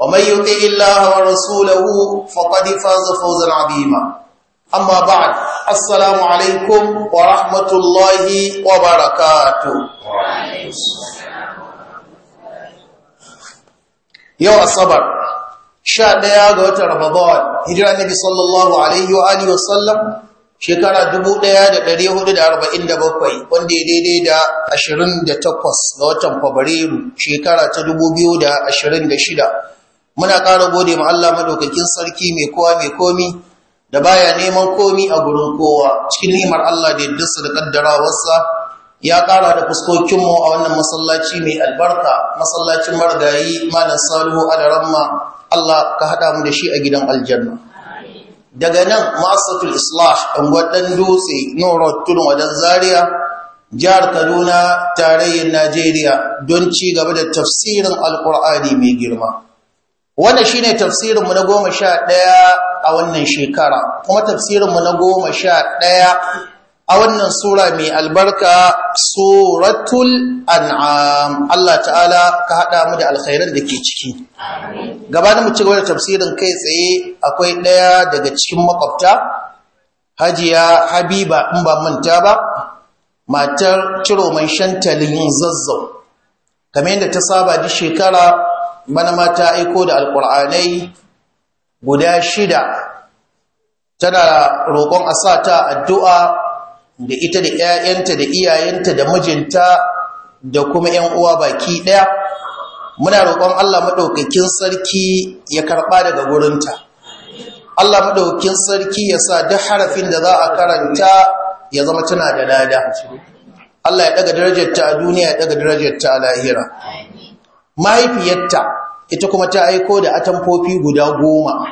ومن يطع الله ورسوله فقد فاز فوزا عظيما اما بعد السلام عليكم ورحمه الله وبركاته yau asabar 11 ga watan ramadan hijira nabi sallallahu alaihi wa alihi wasallam shekara 1447 wanda ya daidai da 28 ga watan fabrairu shekara ta 2026 muna ƙara gode ma Allah madaukakin sarki mai kowa mai komi da baya neman komi a gurin kowa cikin nimar Allah da su da kaddarawarsa ya ƙara da fuskokinmu a wannan masallaci mai albarka masallacin Marigayi, malam salihu Ramma, Allah ka haɗa mu da shi a gidan aljanna daga nan ma'asatul islah unguwar ɗan dutse norot tun wadan zaria jihar kaduna tarayyar najeriya don ci gaba da tafsirin alkur'ani mai girma wannan ne tafsirinmu na goma sha ɗaya a wannan shekara kuma tafsirinmu na goma sha ɗaya a wannan sura mai albarka suratul an'am Allah ta'ala ka haɗa mu da alkhairan da ke ciki gabanin mu ci gaba da tafsirin kai tsaye akwai ɗaya daga cikin makwabta hajiya habiba in ba manta ba matar ciro ciroman shantalin zazzau kamar yadda ta saba duk shekara manama ta aiko da Alkur'anai guda shida tana roƙon a sa ta addu'a da ita da ‘ya'yanta da iyayenta da mijinta da kuma ‘yan uwa baki ɗaya muna roƙon Allah maɗaukakin sarki ya karɓa daga gurinta Allah maɗaukakin sarki ya sa duk harafin da za a karanta ya zama tana da lada Allah ya ɗaga darajarta a duniya ya ɗaga darajarta a lahira mahaifiyarta ita kuma ta aiko da atamfofi guda goma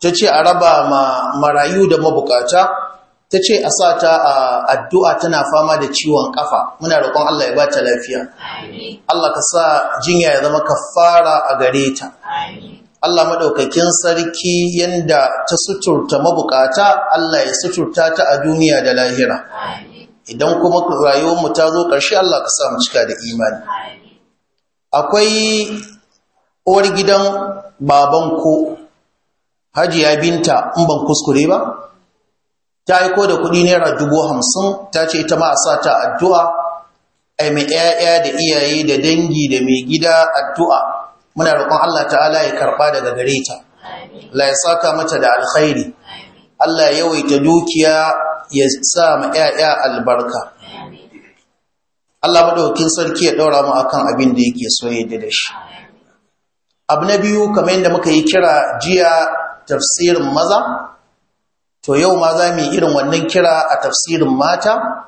ta ce a raba ma marayu da mabukata ta ce a sa ta a addu'a tana fama da ciwon ƙafa. muna roƙon Allah ya ba ta lafiya Allah ka sa jinya ya zama kafara a gare ta Allah maɗaukakin sarki yanda ta suturta mabukata Allah ya suturta ta a duniya da lahira idan kuma rayuwar mu ta zo ƙarshe Allah ka sa mu cika da imani akwai uwar gidan baban ko hajiya binta in ban kuskure ba ta aiko da kudi naira dubu hamsin ta ce ita ma a sa ta addu'a a mai ‘ya'ya da iyaye da dangi da mai gida addu'a muna roƙon Allah ta'ala ya karɓa daga gare ta la ya saka mata da alkhairi Allah ya yawaita dukiya ya sa ma ‘ya'ya albarka Allah maɗaukin sarki ya ɗaura mu akan abin da yake so ya da shi abu na biyu kamar yadda muka yi kira jiya tafsirin maza to yau ma za mu yi irin wannan kira a tafsirin mata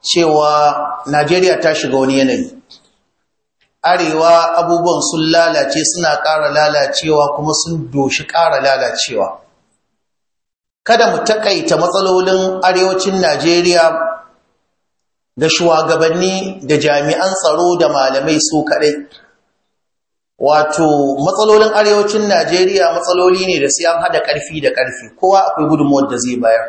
cewa Najeriya ta shiga wani yanayi arewa abubuwan sun lalace suna ƙara lalacewa kuma sun doshi ƙara lalacewa kada mu taƙaita matsalolin arewacin Najeriya da shugabanni da jami'an tsaro da malamai su kaɗai wato matsalolin arewacin najeriya matsaloli ne da sai an hada karfi da karfi kowa akwai gudunmuwar da zai bayar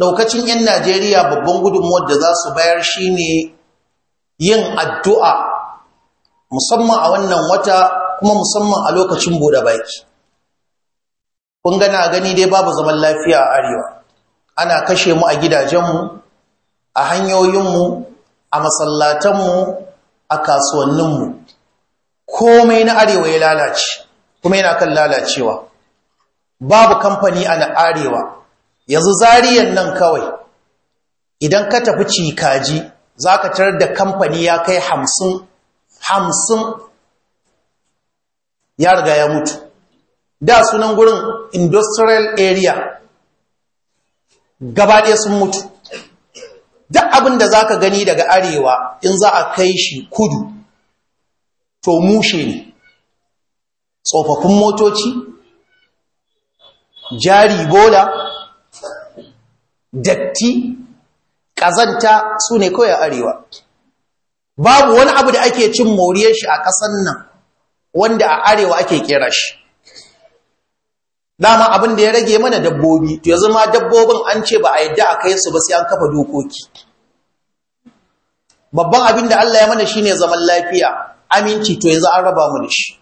ɗaukacin 'yan najeriya babban gudunmuwar da za su bayar shine yin addu'a musamman a wannan wata kuma musamman a lokacin bude baki kun gana gani dai babu zaman lafiya a arewa ana kashe mu a gidajen mu. a hanyoyinmu a masallatanmu a kasuwanninmu komai na arewa ya lalace kuma yana kan lalacewa babu kamfani a arewa yanzu zariyan nan kawai idan ka tafi cikaji za ka tarar da kamfani ya kai hamsin hamsin ya riga ya mutu da sunan gurin industrial area gaba ɗaya sun mutu duk abin da za ka gani daga arewa in za a kai shi kudu to mushe ne tsofaffin motoci jari bola datti ƙazanta su ne kawai arewa babu wani abu da ake cin moriyar shi a ƙasan nan wanda a arewa ake kera shi dama abin da ya rage mana dabbobi to yanzu ma dabbobin an ce ba a yadda a kai su ba sai an kafa dokoki babban abin da Allah ya mana shine zaman lafiya aminci to yanzu an raba mu da shi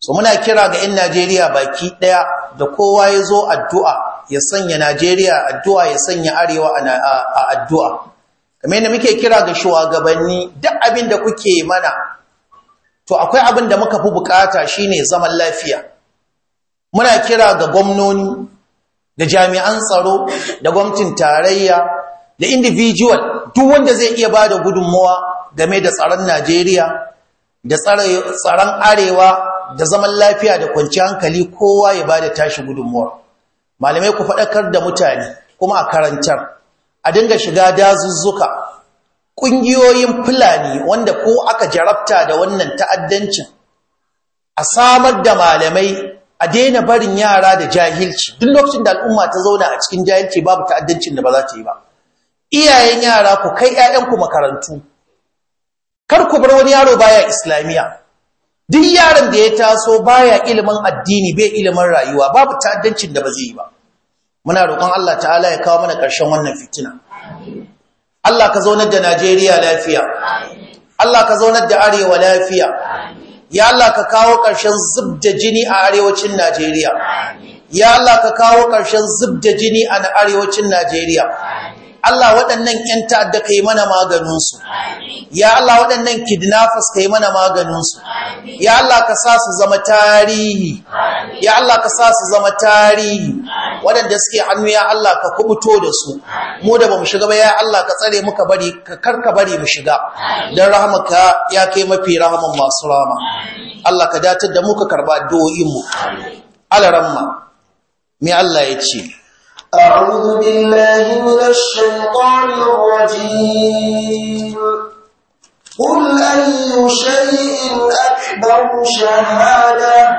so muna kira ga 'yan Najeriya baki daya da kowa ya zo addu'a ya sanya Najeriya addu'a ya sanya arewa a addu'a kamar yadda muke kira ga shugabanni duk abin da kuke mana to akwai abin da muka fi bukata shine zaman lafiya muna kira ga gwamnoni da jami'an tsaro da gwamnatin tarayya da individual duk wanda zai iya ba da gudunmawa game da tsaron najeriya da tsaron arewa da zaman lafiya da kwanci hankali kowa ya ba da tashi gudunmawa. malamai ku faɗakar da mutane kuma a karantar a dinga shiga dazuzzuka ƙungiyoyin fulani wanda ko aka jarabta da wannan ta'addancin a samar da malamai a daina barin yara da jahilci duk lokacin da al'umma ta zauna a cikin jahilci babu ta'addancin da ba za ta yi ba iyayen yara ku kai ƴaƴanku makarantu kar ku bar wani yaro baya islamiya duk yaron da ya taso baya ilimin addini bai ilimin rayuwa babu ta'addancin da ba zai yi ba muna roƙon Allah ta'ala ya kawo mana ƙarshen wannan fitina Allah ka zaunar da Najeriya lafiya Allah ka zaunar da Arewa lafiya ya Allah ka kawo ƙarshen da jini a arewacin Najeriya ya Allah ka kawo ƙarshen zub da jini a arewacin Najeriya Allah waɗannan ƴan ta'adda yi mana maganinsu ya Allah waɗannan ka yi mana maganinsu ya Allah ka sa su zama tarihi ya Allah ka sa su zama tarihi waɗanda suke hannu ya Allah ka kubuto da su mu da mu shiga ba ya Allah ka tsare muka bari ka karka bari mu shiga Don rahamaka ya kai mafi rahman masu rama Allah ka datar da mu ka karba addu'o'in mu alaramma me Allah ya ce أعوذ بالله من الشيطان الرجيم قل أي شيء أكبر شهادة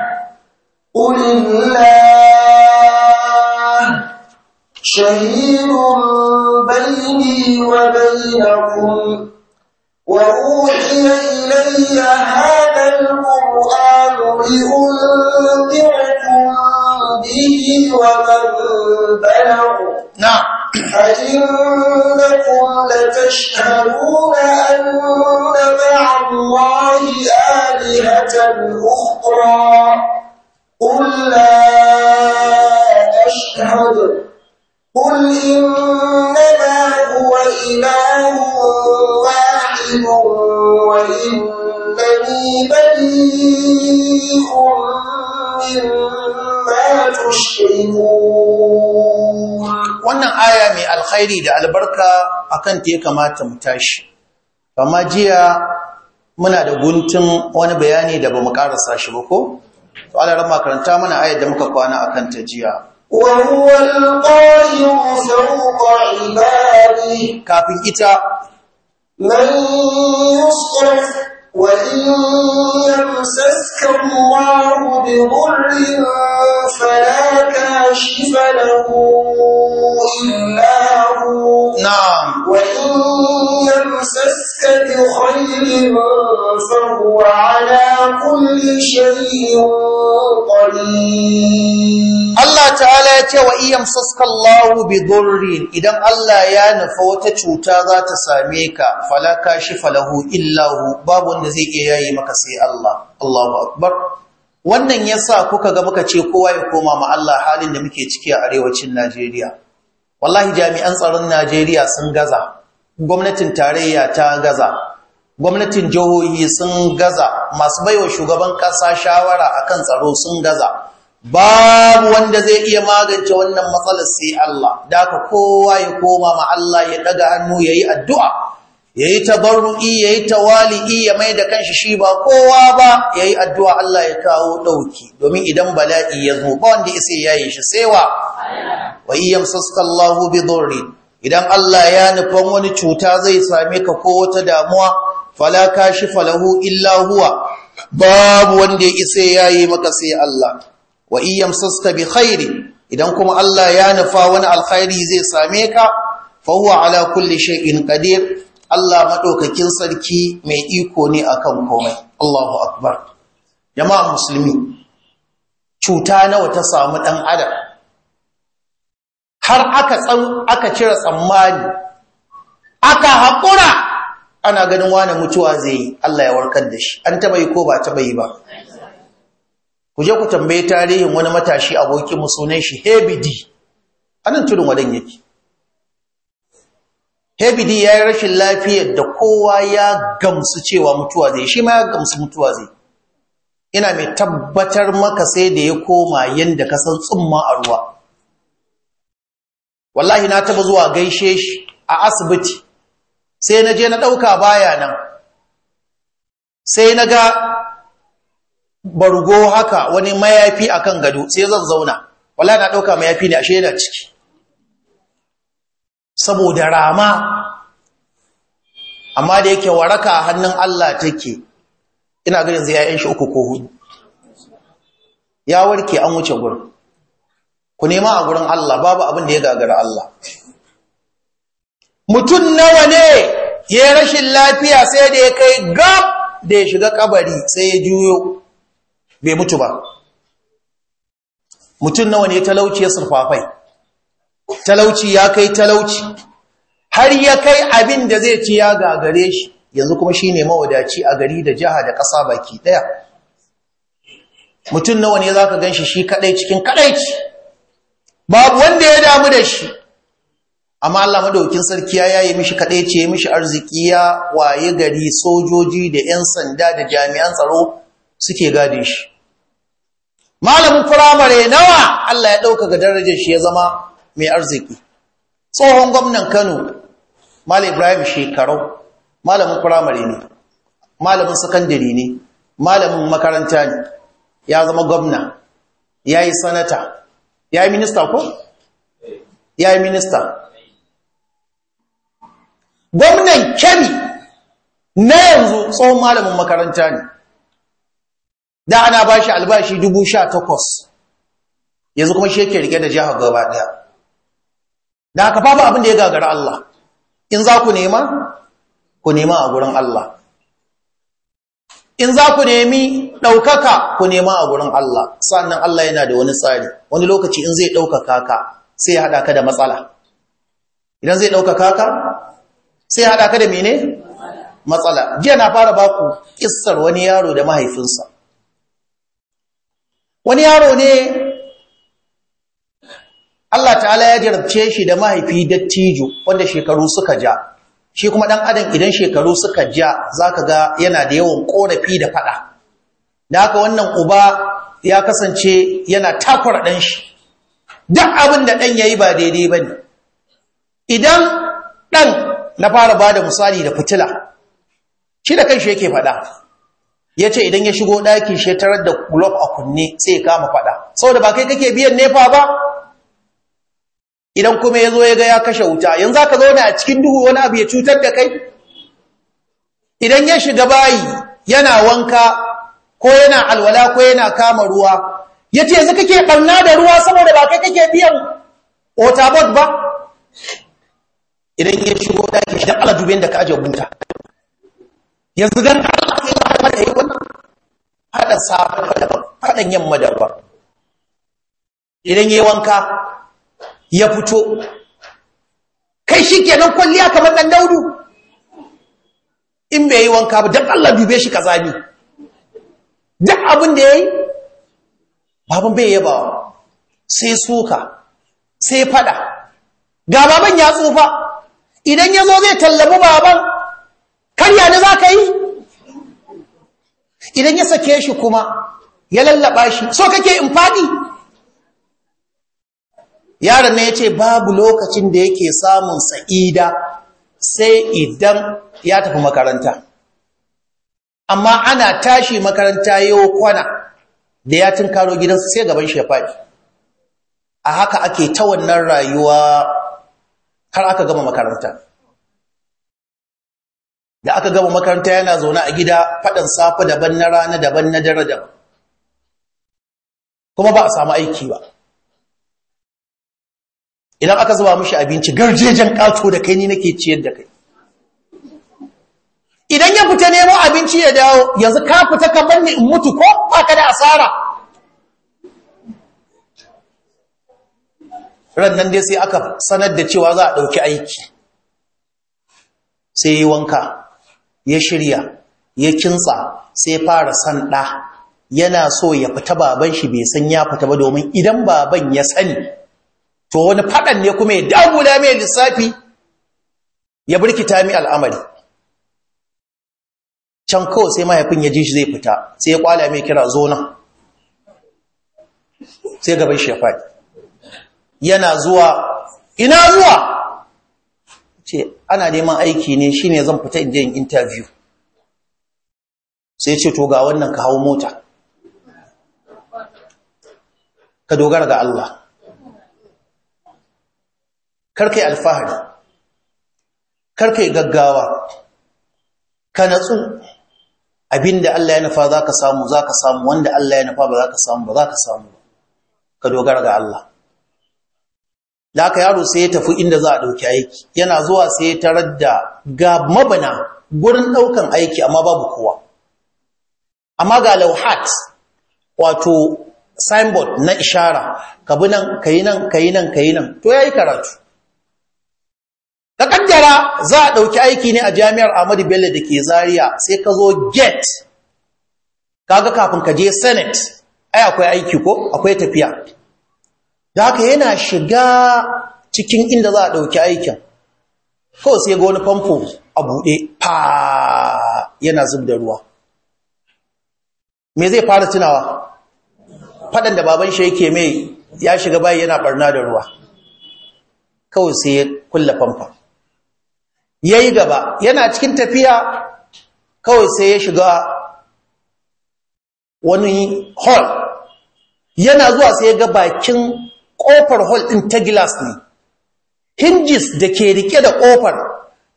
قل الله شهيد بيني وبينكم وأوحي إلي هذا القرآن لأنذركم به ومن بلغ نعم أئنكم لتشهدون أن مع الله آلهة أخرى قل لا أشهد قل إنما هو إله واحد وإنني بريء مما wannan aya mai alkhairi da albarka akan ta kamata mu tashi amma jiya muna da guntun wani bayani da bamu karasa shi ba ko to Allah ya makaranta mana ayar da muka kwana akan ta jiya al-qayyum فوق ibadi Kafin ita. man يصرف وإن يمسسك الله بضر فلا كاشف له إلا هو نعم وإن يمسسك بخير فهو على كل شيء قدير Allah ta'ala ya ce wa iyam saskallahu bi durrin idan Allah ya nufa wata cuta za ta same ka falaka falahu illahu babu wanda zai iya yayi maka sai Allah Allahu akbar wannan yasa kuka ga muka ce kowa ya koma ma Allah halin da muke ciki a arewacin Najeriya wallahi jami'an tsaron Najeriya sun gaza gwamnatin tarayya ta gaza gwamnatin jihohi sun gaza masu baiwa shugaban kasa shawara akan tsaro sun gaza babu wanda zai iya magance wannan matsalar sai Allah da ka kowa ya koma ma Allah ya daga hannu yayi addu'a yayi tabarru'i yayi tawali'i ya mai da kanshi shi ba kowa ba yayi addu'a Allah ya kawo dauki domin idan bala'i ya zo ba wanda yake yayi shi sai wa wa yamsaskallahu bi idan Allah ya nufan wani cuta zai same ka ko wata damuwa fala shi falahu illa huwa babu wanda yake yayi maka sai Allah wa yamsaska bi khairi idan kuma Allah ya nufa wani alkhairi zai same ka fa huwa ala kulli shay'in qadir Allah maɗaukakin sarki mai iko ne a kan komai Allahu akbar jama'a musulmi cuta nawa ta samu ɗan adam har aka cire tsammani aka haƙura ana ganin wane mutuwa zai yi Allah ya warkar da shi an taɓa yi ko ba taɓa yi ba ku je ku tambaye tarihin wani matashi abokin musulunan shi Hebidi anan tudun wadan yake hebidi ya yi rashin lafiyar da kowa ya gamsu cewa mutuwa zai shi ma ya gamsu mutuwa zai ina mai tabbatar maka sai da ya koma yadda ka san tsumma a ruwa wallahi na taba zuwa gaishe shi a asibiti sai na je na ɗauka baya nan sai na ga bargo haka wani mayafi akan gado sai zan zauna wallahi na ɗauka mayafi ne ashe yana ciki saboda rama amma da yake waraka hannun Allah take ina ganin zai yayin shi uku ko hudu ya warke an wuce gurin ku nema a gurin Allah babu abin da ya gagara Allah mutum nawa ne ya rashin lafiya sai da ya kai gab da ya shiga kabari sai ya juyo bai mutu ba mutum nawa ne ya talauci surfafai talauci ya kai talauci har ya kai abin da zai ci ya gagare shi yanzu kuma shi ne mawadaci a gari da jiha da ƙasa baki ɗaya mutum nawa ne za ka gan shi shi kaɗai cikin kaɗaici babu wanda ya damu da shi amma Allah madaukin sarki ya yi mishi kaɗai ce mishi arziki ya waye gari sojoji da 'yan sanda da jami'an tsaro suke gade shi malamin firamare nawa Allah ya ɗaukaka darajar shi ya zama mai arziki tsohon gwamnan kano mal ibrahim shekarau malamin firamare ne malamin sakandare ne malamin makaranta ne ya zama gwamna ya yi sanata ya yi minista ko? ya yi minista gwamnan kemi na yanzu tsohon malamin makaranta ne da ana ba shi albashi 18,000 yanzu kuma shi yake rike da jihar gaba daya da aka babu abin da ya gagara Allah in za ku nema ku nema a gurin Allah in za ku nemi ɗaukaka ku nema a gurin Allah sannan Allah yana da wani tsari wani lokaci in zai ɗaukaka ka sai ya haɗa ka da matsala idan zai ɗaukaka ka sai ya haɗa ka da mene matsala jiya na fara baku kissar wani yaro da mahaifinsa wani yaro ne Allah ta'ala ya jarabce shi da mahaifi dattijo wanda shekaru suka ja shi kuma ɗan adam idan shekaru suka ja zaka ga yana da yawan korafi da faɗa. da haka wannan uba ya kasance yana takura dan shi duk abin da dan yayi ba daidai bane idan ɗan na fara bada misali da fitila shi da kanshi yake faɗa. ya ce idan ya shigo ɗakin tarar da gulob a kunne sai ya kama fada saboda ba kai kake biyan nefa ba idan kuma ya zo ya ga ya kashe wuta yanzu za ka zauna a cikin duhu wani abu ya cutar da kai idan ya shiga bayi yana wanka ko yana alwala ko yana kama ruwa ya ce yanzu kake ɓarna da ruwa saboda ba kai kake biyan otabot ba idan ya shigo daki shi da ala dubin da ka aje buta yanzu dan Allah sai ya yi hada safa da fadan yamma da ruwa idan yi wanka ya fito kai shi kenan kwalliya kamar ɗan daudu in bai yi wanka ba don Allah dube shi kazami duk abin da ya baban bai yaba sai suka sai fada ga baban ya tsufa idan ya zai tallabi baban karya ne za yi idan ya sake shi kuma ya lallaba shi so kake in faɗi yaron ne ya ce babu lokacin da yake samun sa'ida sai idan ya tafi makaranta amma ana tashi makaranta yau kwana da ya tunkaro gidansu sai gaban shi faɗi a haka ake ta wannan rayuwa har aka gama makaranta da aka gama makaranta yana zaune a gida faɗin safe daban na rana daban na dare kuma ba a samu aiki ba idan aka zuba mushi abinci garjejen kato da kai ni nake ciyar da kai idan ya fita nemo abinci ya dawo yanzu ka fita ka banni in mutu ko ba ka da asara rannan dai sai aka sanar da cewa za a ɗauki aiki sai yi wanka ya shirya ya kintsa sai fara san ɗa yana so ya fita baban shi bai san ya fita ba domin idan baban ya sani to wani faɗan ne kuma ya dagula mai lissafi ya birkita mi al'amari can kawai sai mahaifin ya ji shi zai fita sai ya kwala mai kira zona sai gaban shi ya faɗi yana zuwa ina zuwa ce ana neman aiki ne shine zan fita inje in interview sai ce to ga wannan ka hau mota ka dogara ga Allah karkai alfahari karkai gaggawa ka natsu abinda Allah ya nufa zaka samu zaka samu wanda Allah ya nufa ba zaka samu ba zaka samu ka dogara ga Allah da yaro sai ya tafi inda za a ɗauki aiki yana zuwa sai ya tarar da ga mabana gurin ɗaukan aiki amma babu kowa amma ga lauhat wato signboard na ishara bi nan kayi nan yi nan yi nan to ya yi karatu ka kaddara za a ɗauki aiki ne a jami'ar Ahmadu Bello da ke Zaria sai ka zo get kaga kafin ka je Senate ai akwai aiki ko akwai tafiya da haka yana shiga cikin inda za a ɗauki aikin kawai sai ga wani famfo a buɗe pa yana zub da ruwa me zai fara tunawa faɗan da baban shi yake mai ya shiga bayi yana barna da ruwa kawai sai ya kulla famfon. Ya yi gaba yana cikin tafiya kawai sai ya shiga wani hall yana zuwa sai ya ga bakin kofar hall din ta glass ne hinges da ke rike da kofar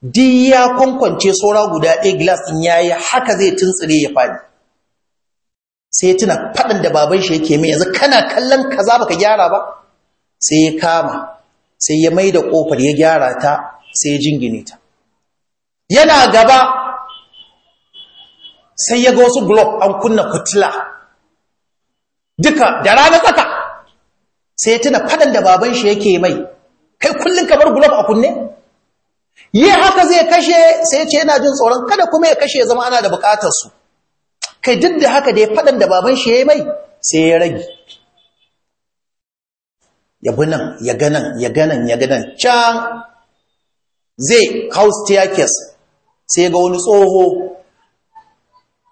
duk ya kwankwance saura guda ɗaya glass din yi haka zai tuntsire ya faɗi. sai ya tuna faɗin da baban shi yake mai yanzu kana kallon kaza baka gyara ba sai ya kama sai ya maida kofar ya gyara ta sai ya jingine ta yana gaba sai ya ga wasu glob an kunna kutila duka da rana tsaka sai ya tuna fadan da baban shi yake mai kai kullun kamar glock a kunne yi haka zai kashe sai ya ce yana jin tsoron kada kuma ya kashe zama ana da bukatar su kai duk da haka da ya fadan da baban shi yayi mai sai ya rage ya bi nan ya ganan ya ganan ya ganan can zai house staircase sai ga wani tsoho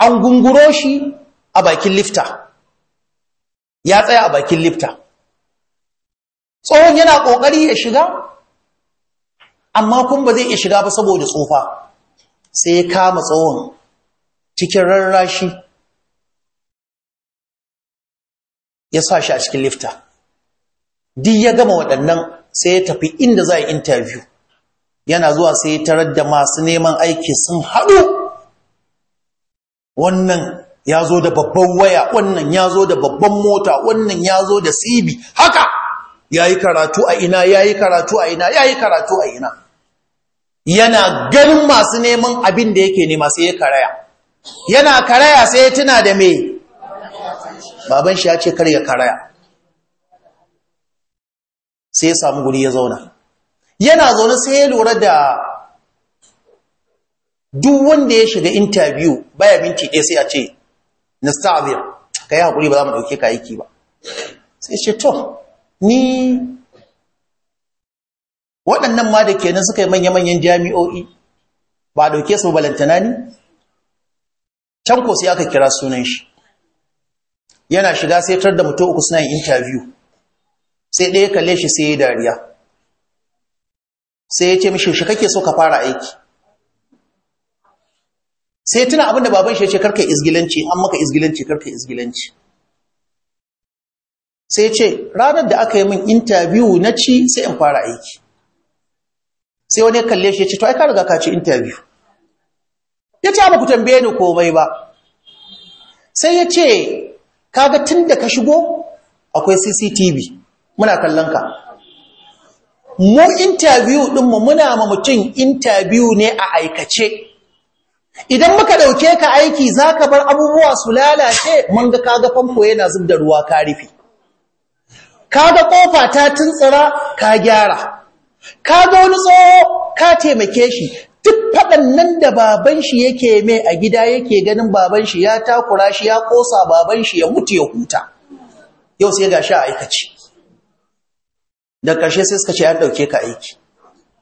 an gunguro shi a bakin lifta ya tsaya a bakin lifta tsohon yana ƙoƙari ya shiga amma kun ba zai iya shiga ba saboda tsofa sai ya kama tsohon cikin rarrashi ya sa shi a cikin lifta duk ya gama waɗannan sai ya tafi inda za a yi interview yana zuwa sai tarar da masu neman aiki sun haɗu wannan ya zo da babban waya wannan ya zo da babban mota wannan ya zo da sibi haka ya yi karatu a ina ya yi karatu a ina ya yi karatu a ina yana ganin masu neman abin da yake nema sai ya karaya yana karaya sai ya tuna da me baban shi ya ce kar ya karaya sai ya samu guri ya zauna yana zaune sai ya lura da duk wanda ya shiga intabiyu baya minti ɗaya sai a ce nasta'abir ka yi haƙuri ba za mu ɗauke ka yake ba sai ce to ni waɗannan ma da kenan suka yi manya-manyan jami'o'i ba ɗauke su balantana ni can ko sai aka kira sunan shi yana shiga sai tar da mutum uku suna yin interview sai ɗaya kalle shi sai ya dariya sai ya ce mishi shi kake so ka fara aiki sai tuna abinda baban shi ya ce karka izgilanci an maka izgilanci karka izgilanci sai ce ranar da aka yi min interview na ci sai in fara aiki sai wani ya kalle shi ya ce to ai ka riga ka ci interview ya ce ba ku tambaye ni komai ba sai ya ce kaga tun da ka shigo akwai cctv muna kallon ka mu interview ɗinmu muna ma mutum interview ne a aikace idan muka ɗauke ka aiki zaka ka bar abubuwa su lalace mun ga kaga famfo yana zub da ruwa ka rufe kaga ƙofa ta tuntsira ka gyara kaga wani tsoho ka taimake shi duk faɗan nan da baban shi yake mai a gida yake ganin baban shi ya takura shi ya ƙosa baban shi ya mutu ya huta yau sai ga shi a aikace. da ƙarshe sai suka ce an ɗauke ka aiki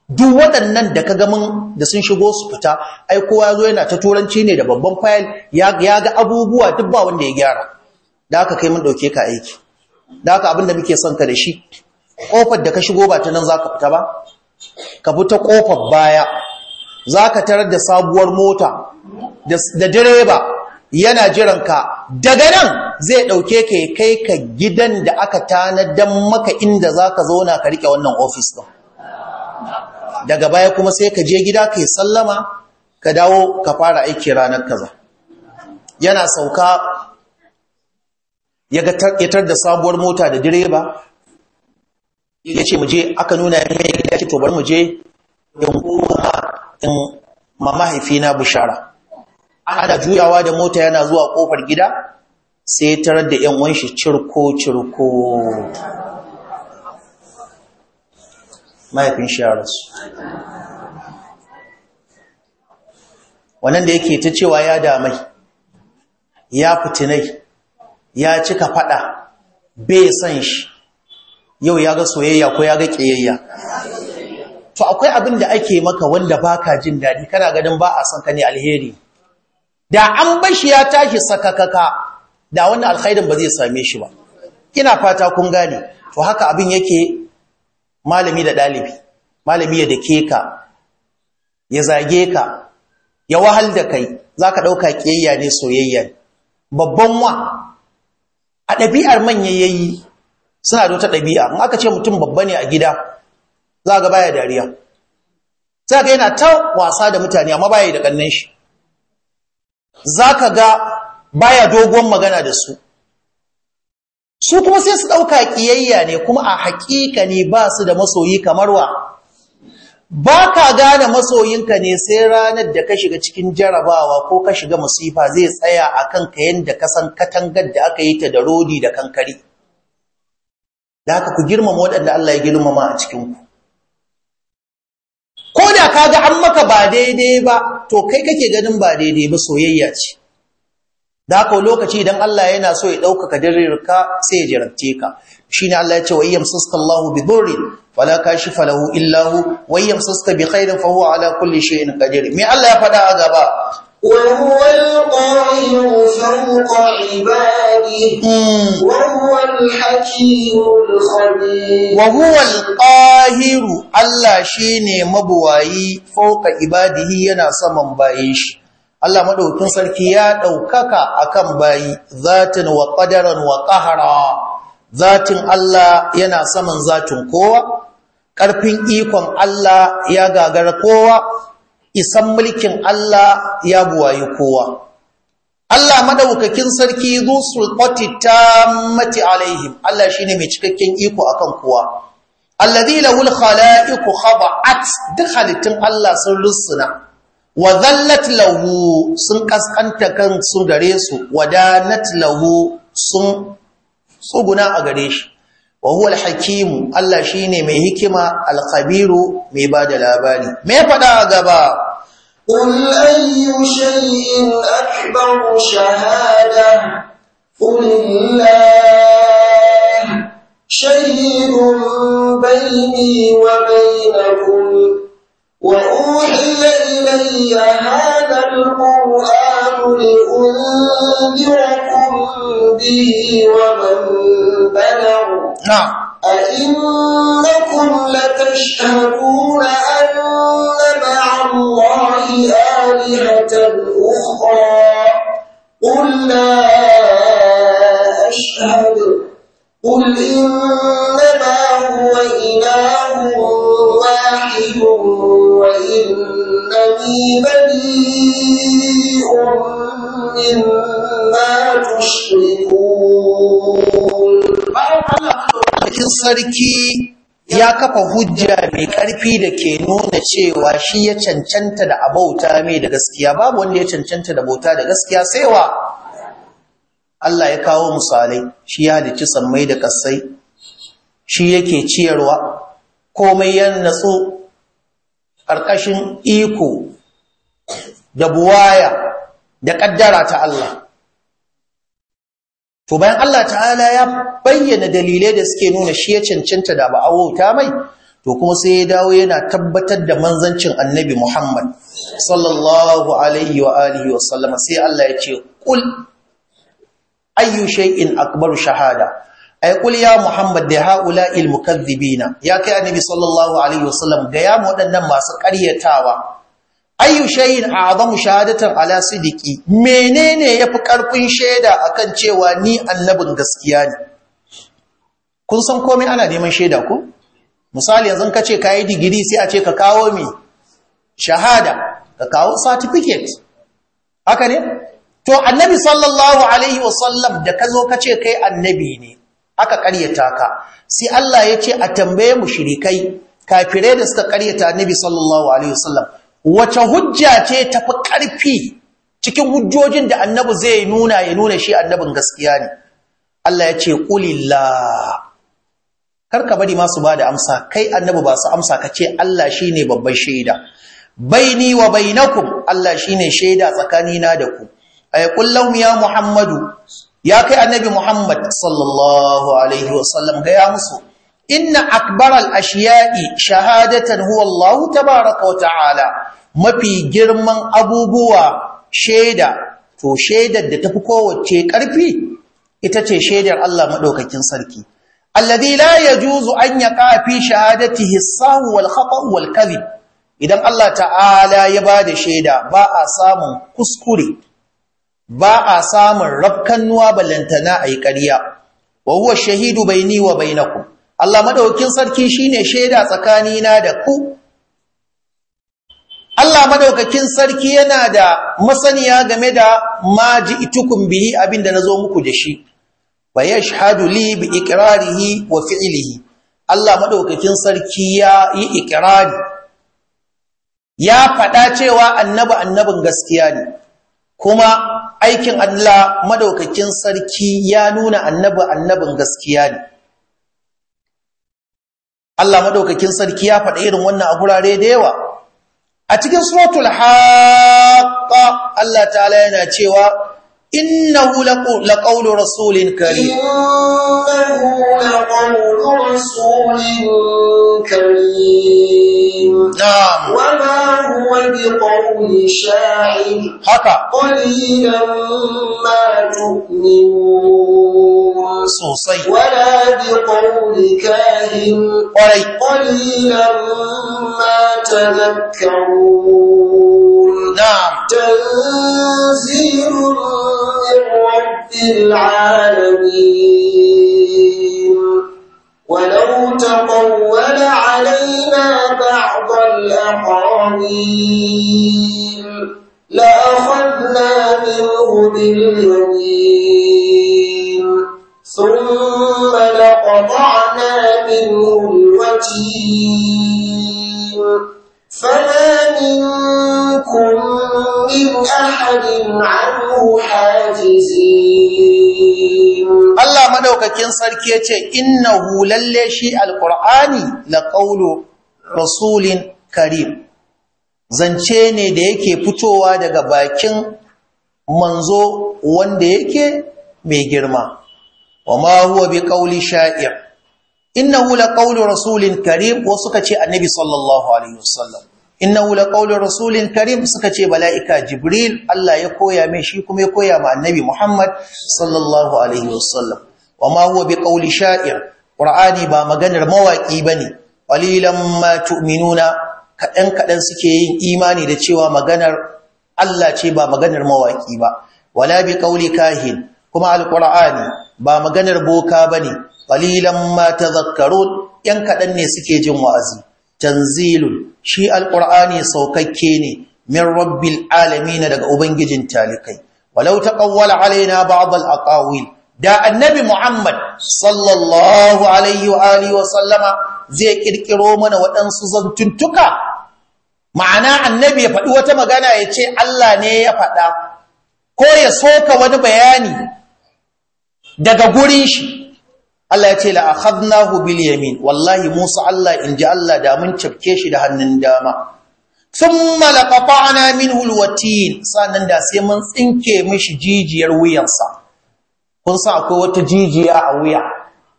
duk waɗannan da ka gamin da sun shigo su fita ai kowa zo yana ta turanci ne da babban fayil ya ga abubuwa duk ba wanda ya gyara da aka kai mun ɗauke ka aiki da aka abinda muke son ka da shi ƙofar da ka shigo ba ta nan za ka fita ba ka fita ƙofar baya za ka tarar da sabuwar mota da direba yana jiran ka daga nan zai ɗauke ka ya kai ka gidan da aka tana tanadan maka inda za ka zauna ka riƙe wannan ofis ɗin daga baya kuma sai ka je gida ka yi sallama ka dawo ka fara aiki ranar kaza yana sauka ya tar da sabuwar mota da direba ya ce muje aka nuna ya gida ce to bari muje in kuma in mamahaifina Bushara. ana juyawa da mota yana zuwa kofar gida sai tarar da yan wanshi cirko cirko mahaifin ya wannan da yake ta cewa ya damai ya fitinai ya cika fada bai san shi yau ya ga soyayya ko ya ga kiyayya to akwai abin da ake maka wanda baka jin dadi kana ganin ba a san ka ne alheri da an bashi ya tashi sakakaka da wannan alkhairin ba zai same shi ba ina fata kun gane to haka abin yake malami da dalibi malami ya dake ka ya zage ka ya wahal da kai zaka dauka kiyayya ne soyayya babban wa a dabi'ar manyan yayi suna da wata dabi'a in aka ce mutum babba ne a gida za ga baya dariya za ga yana ta wasa da mutane amma baya da kannan shi za ka ga baya dogon magana da su su kuma sai su ɗauka ƙiyayya ne kuma a haƙiƙa ne ba su da masoyi kamar wa ba ka gane masoyinka ne sai ranar da ka shiga cikin jarabawa ko ka shiga masifa zai tsaya a kan kanka yadda ka san katangar da aka yi ta da rodi da kankari da haka ku girmama waɗanda Allah ya girmama a cikinku da ka ga an maka ba daidai ba to kai kake ganin ba daidai ba soyayya ce da haka lokaci idan Allah yana so ya ɗaukaka dirirka sai ya jarabce ka shi ne Allah ya ce wa yamsaka Allahu bi dhurrin wala kashifa lahu illa hu wa yamsaka bi khairin fahu ala kulli shay'in qadir me Allah ya faɗa a gaba وهو القاهر فوق عباده وهو الحكيم الخبير وهو القاهر الله شيني مبواي فوق عباده yana saman bayin shi Allah maɗaukin sarki ya daukaka akan bayi zatin wa qadaran wa qahara zatin Allah yana saman zatin kowa karfin ikon Allah ya gagara kowa isan mulkin Allah ya buwayi kowa Allah madaukakin sarki zu sulqati tammati alaihim Allah shine mai cikakken iko akan kowa alladhi lahu alkhalaiqu khada'at duk halittun Allah sun rusuna wa dhallat lahu sun kaskanta kan sun gare su wadanat lahu sun tsuguna a gare shi wa huwa al-hakim Allah shine mai hikima al-khabiru mai bada labari me fada gaba qul ayyu shay'in akbaru shahada qul shahidun bayni wa baynakum wa uhiya ilayya hadha al-qur'an لأنذركم به ومن بلغ نعم أئنكم لتشهدون أن مع الله آلهة أخرى قل لا أشهد قل إنما هو إله واحد وإنني بريء مما تشركون sarki ya kafa hujja mai ƙarfi da ke nuna cewa shi ya cancanta da abauta mai da gaskiya babu wanda ya cancanta da bauta da gaskiya sai wa Allah ya kawo misalai shi ya halicci sammai da kassai shi yake ciyarwa komai ya natsu ƙarƙashin iko da buwaya da ƙaddara ta Allah to bayan Allah ta'ala ya bayyana dalilai da suke nuna shi ya cancanta da ba mai to kuma sai ya dawo yana tabbatar da manzancin annabi Muhammad sallallahu alaihi wa alihi wa sallama sai Allah ya ce kul ayyu shay'in akbaru shahada ay qul ya muhammad da haula'il mukaththibina ya kai annabi sallallahu alaihi wasallam ga ya mu wadannan masu ƙaryatawa ayyu shay'in a'zamu shahadatan ala sidiki menene yafi karfin shaida akan cewa ni annabin gaskiya ne kun san komai ana neman shaida ko misali yanzu ka ce kayi digiri sai a ce ka kawo mi shahada ka kawo certificate haka ne to annabi sallallahu alaihi wasallam da ka zo ka ce kai annabi ne aka karyata ka sai Allah ya ce a tambaye mu shirikai kafirai da suka karyata annabi sallallahu alaihi wasallam wace hujja ce tafi karfi cikin hujjojin da annabi zai nuna ya nuna shi annabin gaskiya ne Allah ya ce Kar karka bari ma su bada amsa kai annabi ba su amsa kace Allah shine babban shaida baini wa bainakum Allah shine shaida tsakanina da ku ay kullum muhammadu ya kai annabi muhammad sallallahu alaihi wasallam ga ya musu inna akbaral ashiya'i shahadatan huwa allah tabaaraka wa ta'ala mafi girman abubuwa shaida to shaidar da tafi kowace karfi ita ce shaidar Allah maɗaukakin sarki alladhi la yajuzu an yaqa fi shahadati as wal wal idan Allah ta'ala ya bada shaida ba a samun kuskure ba a samun rafkannuwa balantana a yi ƙarya wa huwa shahidu baini wa ku. Allah madaukakin sarki ne shaida tsakanina da ku Allah madaukakin sarki yana da masaniya game da ma ji'tukum bihi abinda zo muku da shi fa shahadu li bi ikirarihi wa fi’ilihi. Allah madaukakin sarki ya yi ikirari. ya faɗa cewa annaba annabin gaskiya ne kuma aikin Allah madaukakin sarki ya nuna annabi annabin gaskiya ne Allah madaukakin sarki ya faɗa irin wannan a gurare da yawa a cikin suratul haqqa Allah ta'ala yana cewa إنه لقول رسول كريم إنه لقول رسول كريم نعم وما هو بقول شاعر حكا قليلا ما تؤمنون سوسي ولا بقول كاهن قليلا ما تذكرون نعم تنزيل رب العالمين ولو تقول علينا بعض الأقامين لأخذنا منه باليمين ثم لقطعنا منه الوتين فما منكم من أحد عنه ce, الله مدوككين سركية إنه للشيء na لقول rasulun كريم zance ne da yake fitowa daga bakin manzo wanda yake mai girma wa ma huwa bi qawli sha'ir innahu la qawlu rasulun karim wasu ka ce annabi sallallahu alaihi wasallam innahu laqawlu rasulin karim suka ce mala'ika jibril Allah ya koya mai shi kuma ya koya ma annabi Muhammad sallallahu alaihi wasallam wama huwa biqawli sha'ir qur'ani ba maganar mawaki bane qalilan ma tu'minuna kadan kadan suke yin imani da cewa maganar Allah ce ba maganar mawaki ba wala biqawli kahin kuma alqur'ani ba maganar boka bane qalilan ma tadhakkarun yan kadan ne suke jin wa'azi tanzilun shi alqur'ani saukakke ne min rabbil alamin daga ubangijin talikai walau taqawwala alaina ba'd alaqawil da annabi muhammad sallallahu alaihi wa alihi wa sallama zai kirkiro mana waɗansu zantuntuka ma'ana annabi ya faɗi wata magana ya ce Allah ne ya faɗa ko ya soka wani bayani daga gurin shi Allah ya ce la akhadnahu bil yamin wallahi Musa Allah inji Allah da mun cafke shi da hannun dama thumma laqata'na minhu alwatin sanan da sai mun tsinke mishi jijiyar wuyansa kun sa akwai wata jijiya a wuya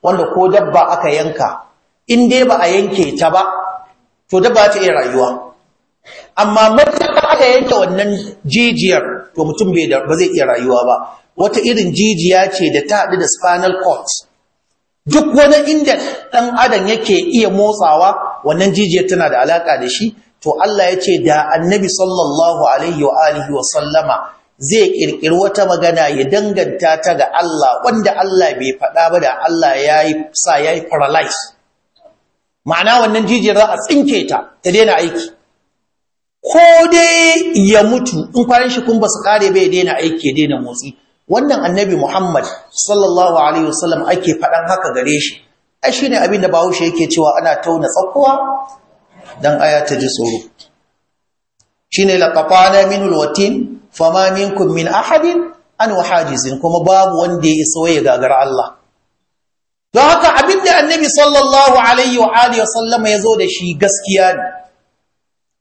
wanda ko dabba aka yanka in dai ba a yanke ta ba to dabba ta iya rayuwa amma matuƙa aka yanke wannan jijiyar to mutum bai ba zai iya rayuwa ba wata irin jijiya ce da ta haɗu da spinal cord duk wani inda ɗan adam yake iya motsawa wannan jijiyar tana da alaƙa da shi to Allah ya ce da annabi sallallahu alaihi wa alihi wa sallama zai ƙirƙiri wata magana ya danganta ta ga Allah wanda Allah bai faɗa ba da Allah ya yi sa ya yi paralyze ma'ana wannan jijiyar za a tsinke ta ta daina aiki ko dai ya mutu in kwanan shi kun ba su kare bai daina aiki ya daina motsi wannan annabi Muhammad sallallahu alaihi wasallam ake faɗan haka gare shi ai shine abin da Bahaushe yake cewa ana tauna tsakkuwa dan aya ta ji tsoro shine laqafana minul watin fama minkum min ahadin an wahajizin kuma babu wanda ya iso ya gagara Allah don haka abin da annabi sallallahu alaihi wa alihi wasallama yazo da shi gaskiya ne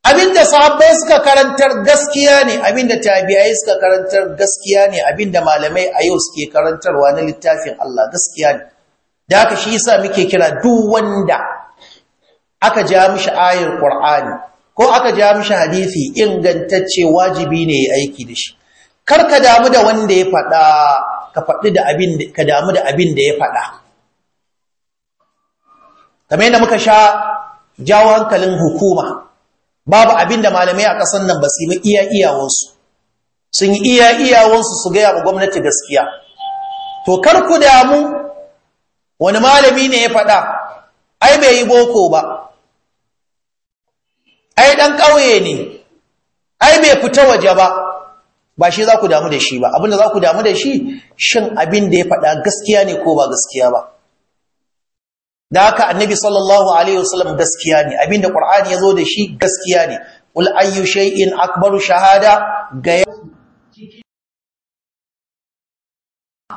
abinda sahabbai suka karantar gaskiya ne abinda tabi'ai suka karantar gaskiya ne abinda malamai a yau suke karantarwa na littafin Allah gaskiya ne da haka shi yasa muke kira duk wanda aka ja mishi ayar Qur'ani ko aka ja mishi hadisi ingantacce wajibi ne ya aiki da shi kar ka damu da wanda ya faɗa ka faɗi da abin ka damu da abin da ya faɗa kamar yadda muka sha jawo hankalin hukuma babu abin da malamai a ƙasar nan ba su yi iya iyawansu sun yi iya iyawansu su gaya wa gwamnati gaskiya to kar ku damu wani malami ne ya faɗa ai bai yi boko ba ai ɗan ƙauye ne ai bai fita waje ba ba shi za ku damu da shi ba abinda za ku damu da shi shin abin da ya faɗa gaskiya ne ko ba gaskiya ba da haka annabi sallallahu alaihi wasallam gaskiya ne abinda qur'ani yazo da shi gaskiya ne ul ayyu shay'in akbaru shahada ga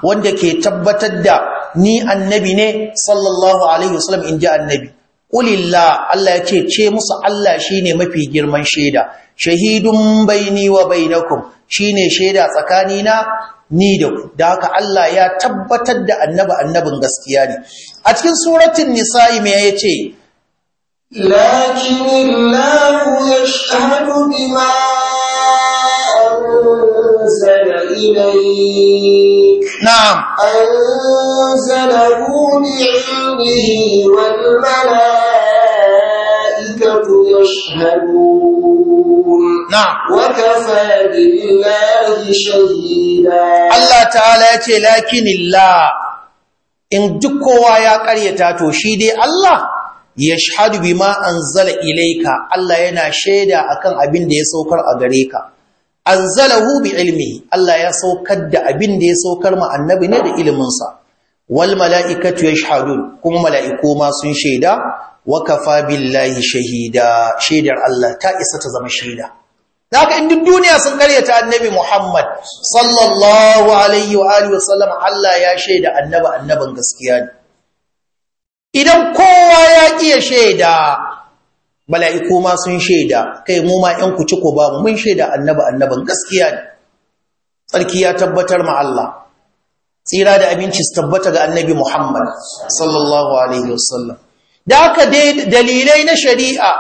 wanda ke tabbatar da ni annabi ne sallallahu alaihi wasallam inji annabi qulillah Allah yace ce musu Allah shine mafi girman shaida shahidun baini wa bainakum shine shaida tsakanina ni da ku da haka Allah ya tabbatar da annabi annabin gaskiya ne a cikin suratul nisa'i me yace lakin illahu yashhadu bima anzala ilayk na'am wal malaikatu yashhadun Allah ta'ala ce, lakinillah in duk kowa ya karyata to shi dai Allah yashhadu an anzala ilaika. Allah yana shaida akan abin da ya saukar a gare ka anzalahu bi ilmi Allah ya saukar da abin da ya saukar ma annabi ne da iliminsa sa wal mala'ikatu yashhadun kuma mala'iku ma sun shaida wa kafa billahi shahida shaidar Allah ta isa ta zama shaida da haka in duniya sun karyata annabi Muhammad sallallahu alaihi wa alihi wasallam Allah ya shaida annaba annaban gaskiya ne idan kowa ya kiya shaida mala'iku ma sun shaida kai mu ma ƴan ku ci ko ba mu mun shaida annaba annaban gaskiya ne sarki ya tabbatar ma Allah tsira da abinci su tabbata ga annabi Muhammad sallallahu alaihi wasallam da haka dalilai na shari'a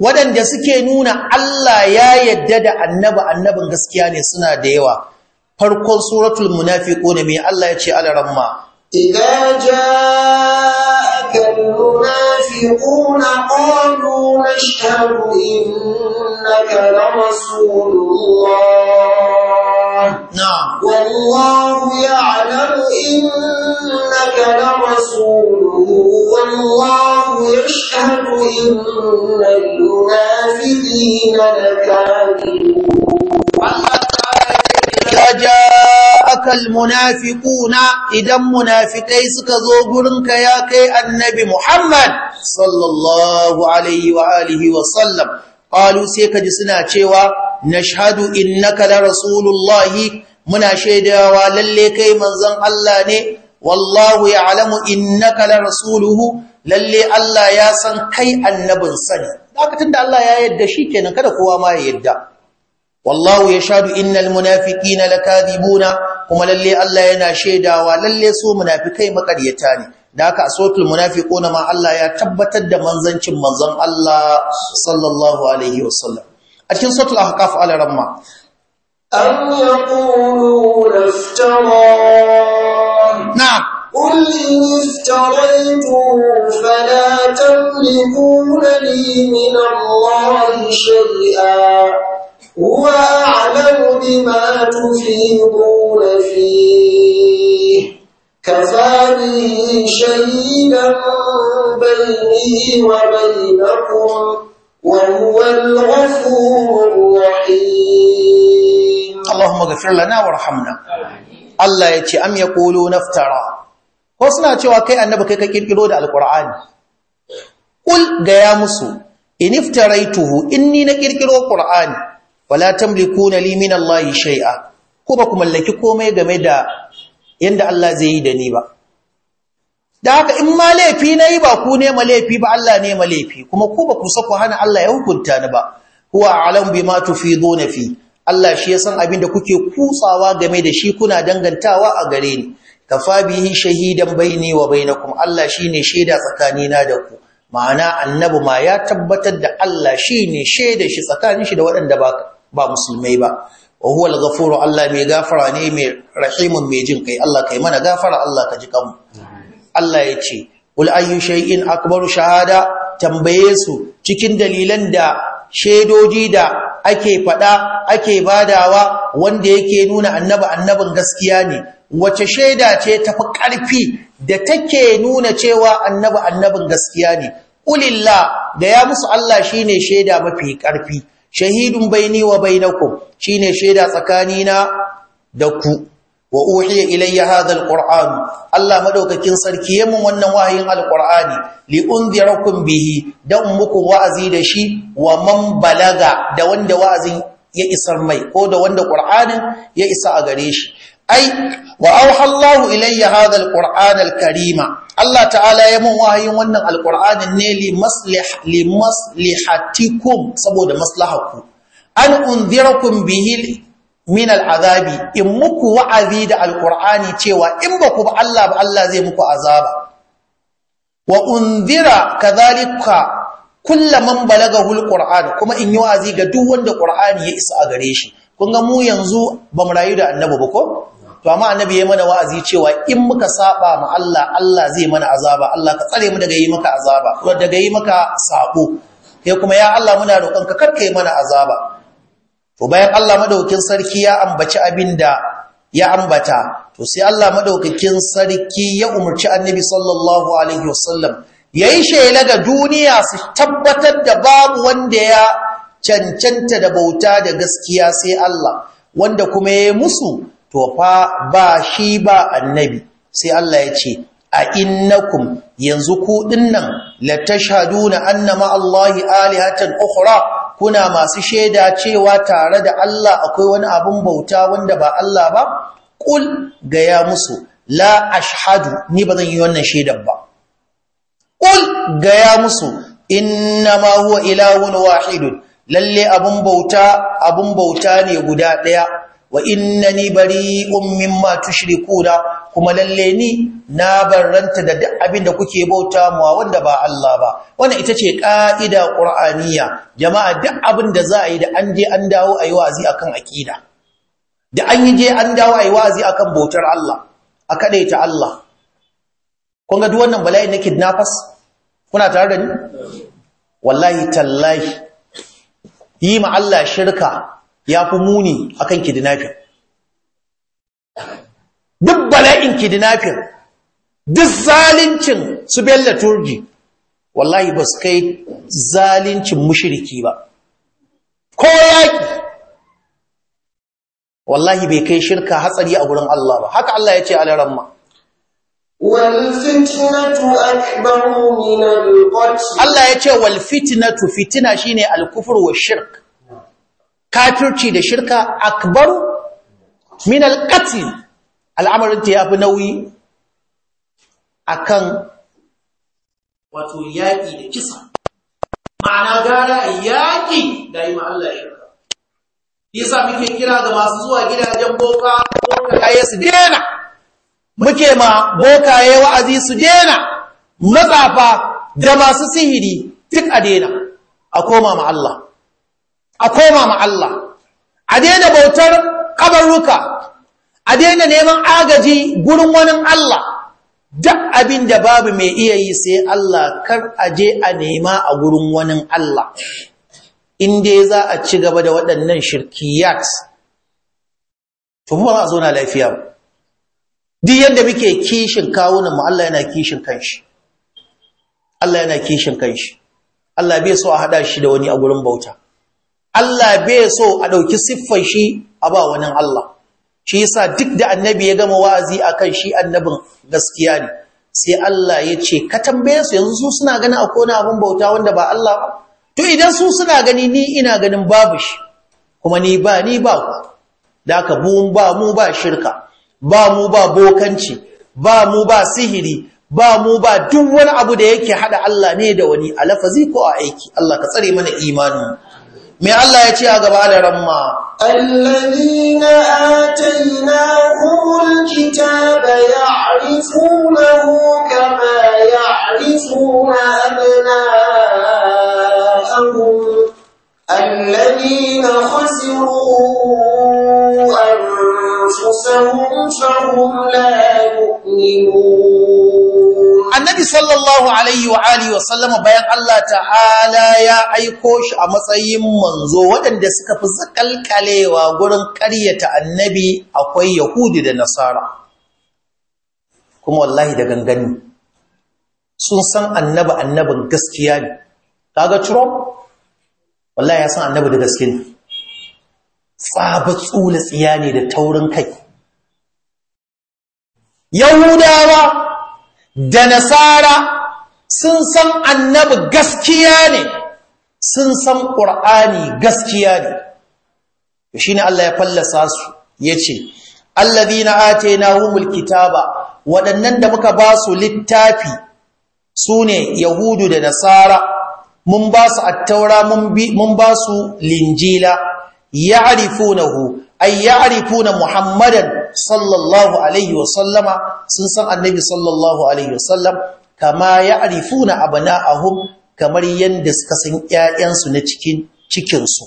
waɗanda suke nuna Allah ya yadda da annaba annabin gaskiya ne suna da yawa farkon suratul ne mai Allah ya ce alaramma idza ja'aka almunafiquna qalu nashhadu innaka rasulullah نعم. نعم والله يعلم إنك لرسوله والله يشهد إن المنافقين لكاذبون جاءك المنافقون إذا منافقي سكزوغرنك يا كي النبي محمد صلى الله عليه وآله وسلم qalu sai kaji suna cewa nashhadu innaka la rasulullahi muna shaidawa lalle kai manzon Allah ne wallahu ya'lamu innaka la rasuluhu lalle Allah ya san kai annabin sani haka tunda Allah ya yadda shikenan kada kowa ma ya yadda wallahu yashhadu innal munafiqina lakadibuna kuma lalle Allah yana shaidawa lalle su munafikai maƙaryata ne da haka aswatul na ma Allah ya tabbatar da manzancin manzon Allah sallallahu alaihi wasallam a cikin suratul ahqaf al-ramma am na. Kullum na'am قل إن افتريته فلا تملكون لي من الله شيئا هو أعلم بما tufi فيه كفاني شهيدا بيني وبينكم وهو الغفور الرحيم اللهم اغفر لنا وارحمنا ya yace am yaquluna naftara. ko suna cewa kai annabi kai ka kirkiro da alqur'ani kul gaya musu in ni inni na kirkiro ƙur'ani wala tamlikuna li min allahi shay'a ko ba ku mallaki komai game da yanda Allah zai yi da ni ba da haka in ma laifi na yi ba ku ne ma laifi ba Allah ne ma laifi kuma ku ba ku sako hana Allah ya hukunta ni ba huwa alam bima tufiduna fi Allah shi ya san abin da kuke kutsawa game da shi kuna dangantawa a gare ni kafa bihi shahidan baini wa kuma Allah shi shine shaida na da ku ma'ana annabi ma ya tabbatar da Allah shi ne shaida shi tsakanin shi da waɗanda ba ba musulmai ba wa huwa al-ghafuru Allah mai gafara ne mai mai jin kai Allah mana gafara Allah ka ji kanmu Allah ya ce ul ayyu shay'in akbaru shahada tambaye su cikin dalilan da shedoji da ake fada ake badawa wanda yake nuna annabi annabin gaskiya ne wace shaida ce tafi ƙarfi da take nuna cewa annabi annabin gaskiya ne ulillah da ya musu Allah shine shaida mafi karfi. shahidun baini wa bainakum shine shaida tsakanina da ku wa uhiya ilayya hadha alquran Allah madaukakin sarki yamin wannan wahayin alqurani li unzirakum bihi dan muku wa'azi da shi wa man balaga da wanda wa'azin ya isar mai ko da wanda qur'anin ya isa a gare shi ai wa auha Allahu ilayya hadha alquran alkarima Allah ta'ala ya mun wahayin wannan alqur'anin ne li maslih li maslihatikum saboda maslahaku an unzirakum bihi min al'azabi in muku wa'azi da alqur'ani cewa in ba ku ba Allah ba Allah zai muku azaba wa unzira kadhalika kullaman balagahul qur'an kuma in yi wa'azi ga duk wanda qur'ani ya isa a gare shi kun ga mu yanzu bamu rayu da annabi ba ko to amma annabi yayi mana wa'azi cewa in muka saba ma Allah Allah zai mana azaba Allah ka tsare mu daga yi maka azaba ko daga yi maka sabo kai kuma ya Allah muna roƙon ka karkai mana azaba to bayan Allah madaukakin sarki ya ambaci abinda ya ambata to sai Allah madaukakin sarki ya umurci annabi sallallahu alaihi wasallam yayi shela ga duniya su tabbatar da babu wanda ya cancanta da bauta da gaskiya sai Allah wanda kuma yayi musu to fa ba shi ba annabi sai Allah ya ce a innakum yanzu ku dinnan latashhaduna anna ma Allahi alihatan ukhra kuna masu sheda cewa tare da Allah akwai wani abun bauta wanda ba Allah ba kul ga ya musu la ashhadu ni bazan yi wannan shedar ba kul ga ya musu innama ma huwa ilahun wahidun lalle abun bauta abun bauta ne guda daya wa bari bari'un mimma tushrikuna kuma lalle ni na barranta da duk kuke bauta mu wanda ba Allah ba wannan ita ce ka'ida ƙur'aniya. jama'a duk abinda da za a yi da an je an dawo ayi wazi akan akida da an yi je an dawo ayi wazi akan bautar Allah a kadaita Allah kun ga duk wannan bala'i na kidnappers kuna tare da ni wallahi tallahi yi ma Allah shirka ya fi muni a kan kidnapping duk bala'in kidnapping duk zalincin su bella turji wallahi ba su kai zalincin mushiriki ba ko yaƙi wallahi bai kai shirka hatsari a wurin Allah ba haka Allah ya ce a laran ma Allah ya ce wal fitnatu fitina shi ne alkufur wa shirka. kafirci da shirka akbaru min alqatl al'amarin ta yafi nauyi akan wato yaƙi da kisa ma'ana gara a yaƙi da yi ma'alla ya yasa muke kira ga masu zuwa gidajen boka ya su dena muke ma ya wa'azi su dena matsafa da masu sihiri duk a dena a koma ma Allah a koma ma Allah a daina bautar kabarruka a daina neman agaji gurin wani Allah duk abin da babu mai iya yi sai Allah kar a je a nema a gurin wani Allah in dai za a ci gaba da waɗannan shirkiyat to ba na lafiya ba duk yadda muke kishin kawunan mu Allah yana kishin kanshi Allah yana kishin kanshi Allah bai so a haɗa shi da wani a gurin bauta Allah bai so a ɗauki siffar shi a ba wani Allah shi yasa duk da annabi ya gama wa'azi kan shi annabin gaskiya ne sai Allah ya ce ka tambaye su yanzu su suna gani a kona abin bauta wanda ba Allah ba to idan su suna gani ni ina ganin babu shi kuma ni ba ni ba ku da aka buwun ba mu ba shirka ba mu ba bokanci ba mu ba sihiri ba mu ba duk wani abu da yake haɗa Allah ne da wani a lafazi ko a aiki Allah ka tsare mana imanin me Allah ya ce a gaba da ramma alladhina atainahumul kitaba ya'rifunahu kama ya'rifuna abna'ahum alladhina khasiru anfusahum fahum la yu'minun annabi sallallahu alaihi wa alihi wa sallama bayan Allah ta'ala ya aiko shi a matsayin manzo waɗanda suka fi zakalkalewa gurin ƙaryata annabi akwai yahudi da nasara kuma wallahi da gangani sun san annabi annabin gaskiya ne kaga turo? wallahi ya san annabi da gaskiya ne tsaba tsula tsiya ne da taurin kai yahudawa da nasara sun san annabi gaskiya ne sun san ƙur'ani gaskiya ne shi ne Allah ya fallasa su ya ce na atainahumul kitaba waɗannan da muka ba su littafi su ne yahudu da nasara mun ba su attaura mun ba su linjila ya'rifunahu ay ya'rifuna muhammadan sallallahu alaihi wa sallama sun san annabi sallallahu alaihi wa sallam kama ya'rifuna abna'ahum kamar yanda suka san ƴaƴansu na cikin cikin su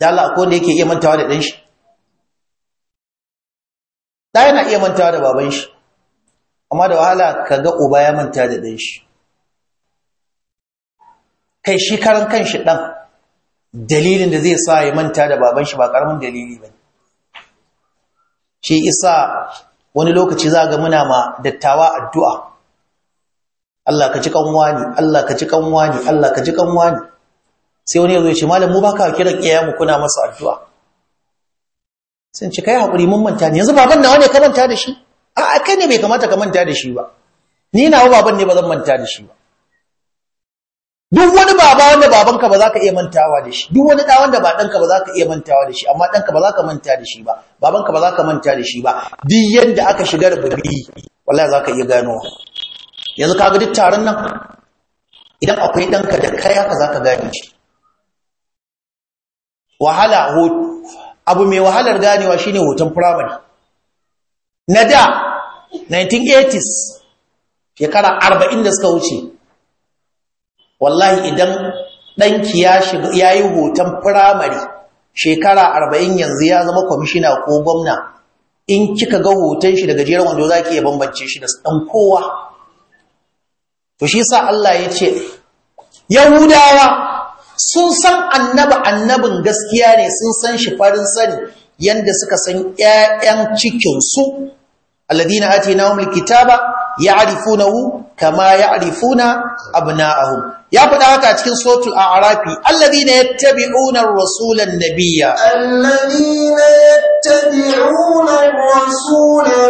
da Allah akwai wanda yake iya mantawa da dan shi da yana iya mantawa da baban shi amma da wahala kaga uba ya manta da dan shi kai shi karan kan shi dan dalilin da zai sa ya manta da baban shi ba karamin dalili bane shi isa wani lokaci za ga muna ma dattawa addu'a Allah ka ji kanwa ne Allah ka ji kanwa ne Allah ka ji kanwa ne sai wani yazo ya ce malam mu ba baka kiran iyayenmu kuna masa addu'a sun ci kai hakuri mun manta ne yanzu baban nawa ne ka manta da shi a kai ne bai kamata ka manta da shi ba ni nawa baban ne ba zan manta da shi ba duk wani baba wanda babanka ba za ka iya mantawa da shi duk wani ɗa wanda ba ɗanka ba za ka iya mantawa da shi amma ɗanka ba za ka manta da shi ba babanka ba za ka manta da shi ba duk yanda aka shiga da babi wallahi za ka iya gano yanzu ka ga duk taron nan idan akwai ɗanka da kai haka za ka gane shi wahala abu mai wahalar ganewa shine hoton firamare na da 1980s shekara 40 da suka wuce wallahi idan ɗanki ya yi hoton firamare shekara arba'in yanzu ya zama kwamishina ko gwamna in kika ga hoton shi daga gajeren wando za ki iya bambance shi da ɗan kowa to shi sa Allah ya ce yahudawa sun san annaba annabin gaskiya ne sun san shi farin sani yanda suka san ƴaƴan cikinsu alladina atinahum alkitaba ya'rifunahu kama ya'rifuna abna'ahum ya faɗa haka a cikin suratul a'rafi alladhina yattabi'una ar rasulan nabiyya alladhina yattabi'una ar-rasula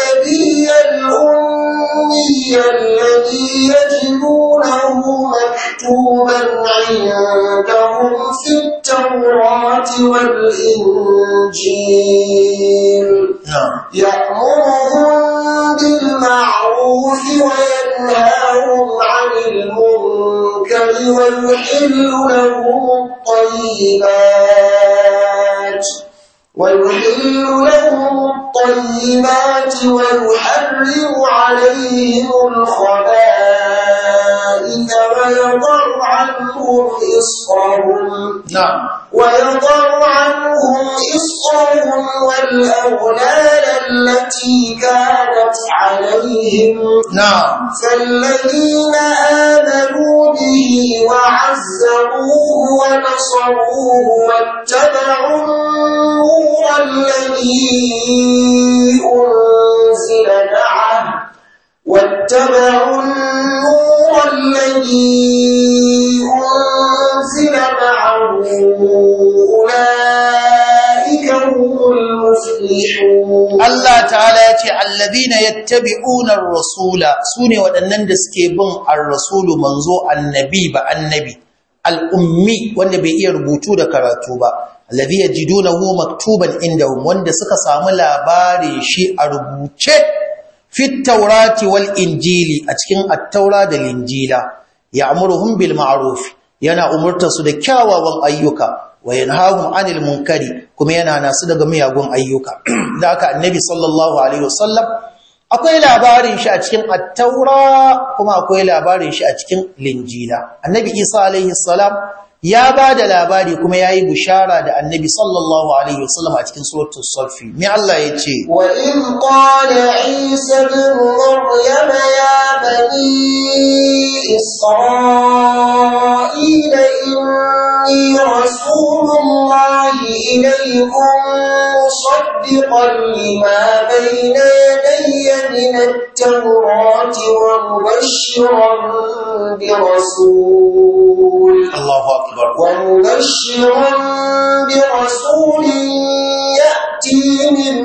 an الأمي الذي يجدونه مكتوبا عندهم في التوراة والإنجيل نعم. يأمرهم بالمعروف وينهاهم عن المنكر ويحل لهم الطيبات ويحل لهم الطيبات ويحرم عليهم الخبائث ذلك ويضع عنهم إصرهم نعم ويضر عنهم إصرهم والأغلال التي كانت عليهم نعم فالذين آمنوا به وعزروه ونصروه واتبعوا النور الذي أنزل معه واتبعوا النور الذي أنزل معه أولئك هم المفلحون الله تعالى الذين يتبعون الرسول سوني waɗannan da suke bin الرسول manzo annabi ba annabi al'ummi wanda bai iya rubutu da karatu ba alladhi yajidunahu maktuban indahum wanda suka samu labarin shi a rubuce fit wal injili a cikin attaura da linjila ya'muruhum bil ma'ruf yana umurtar su da kyawawan ayyuka wa yanhahum anil munkari kuma yana nasu daga miyagun ayyuka da aka annabi sallallahu alaihi wasallam akwai labarin shi a cikin attaura kuma akwai labarin shi a cikin linjila annabi isa alaihi salam ya ba da labari kuma ya yi bushara da annabi sallallahu alaihi wasallam a cikin suratul safi mai Allah ya ce wa in qala isa ibn maryam ya bani isra'ila inni rasulullahi ilaykum musaddiqan lima bayna yadayya min at-taurati wa mubashshiran bi rasul Allahu أكبر ومبشرا برسول يأتي من